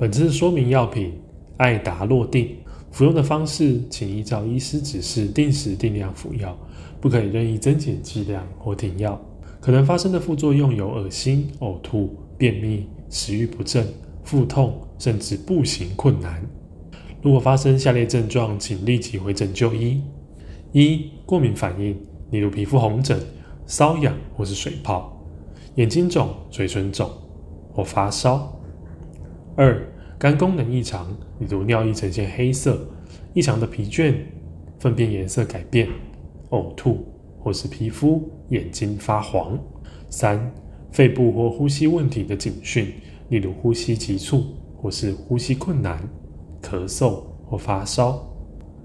本次說明藥品艾達絡錠服用的方式，請依照醫師指示定時定量服藥，不可以任意增減劑量或停藥。可能發生的副作用有惡心、嘔吐、便秘、食慾不振、腹痛，甚至步行困難。如果發生下列症狀，請立即回診就醫：一、過敏反應，例如皮膚紅疹、瘙癢或是水泡、眼睛腫、嘴唇腫或發燒。二、肝功能異常，例如尿液呈現黑色、異常的疲倦、糞便顏色改變、嘔吐，或是皮膚、眼睛發黃。三、肺部或呼吸問題的警訊，例如呼吸急促或是呼吸困難、咳嗽或發燒。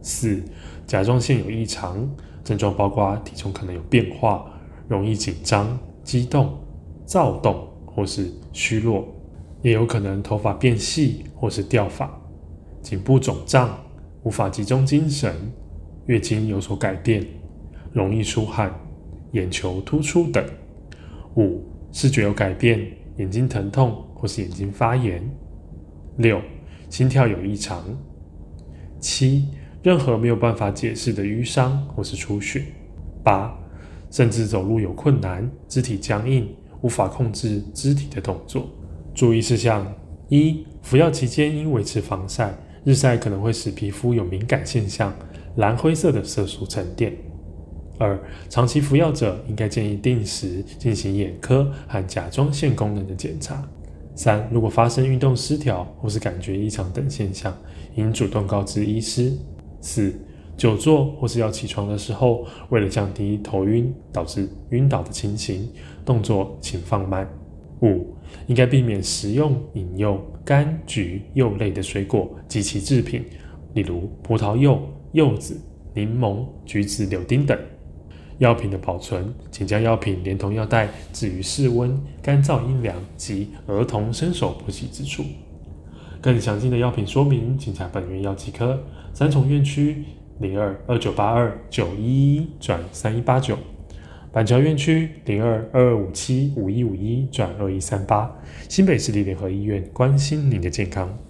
四、甲狀腺有異常，症狀包括體重可能有變化、容易緊張、激動、躁動或是虛弱。也有可能頭髮變細或是掉髮，頸部腫脹，無法集中精神，月經有所改變，容易出汗，眼球突出等。五、視覺有改變，眼睛疼痛或是眼睛發炎。六、心跳有異常。七、任何沒有辦法解釋的瘀傷或是出血。八、甚至走路有困難，肢體僵硬，無法控制肢體的動作。注意事項：一、服藥期間應維持防曬，日曬可能會使皮膚有敏感現象、藍灰色的色素沉澱。二、長期服藥者應該建議定時進行眼科和甲狀腺功能的檢查。三、如果發生運動失調或是感覺異常等現象，應主動告知醫師。四、久坐或是要起床的時候，為了降低頭暈導致暈倒的情形，動作請放慢。五、應該避免食用、飲用柑橘柚類的水果及其製品，例如葡萄柚、柚子、檸檬、橘子、柳丁等。藥品的保存，請將藥品連同藥袋置於室溫、乾燥、陰涼及兒童伸手不及之處。更詳盡的藥品說明，請洽本院藥劑科三重院區零二二九八二九一一轉三一八九。板橋院區零二二二五七五一五一轉二一三八，新北市立聯合醫院，關心您的健康。嗯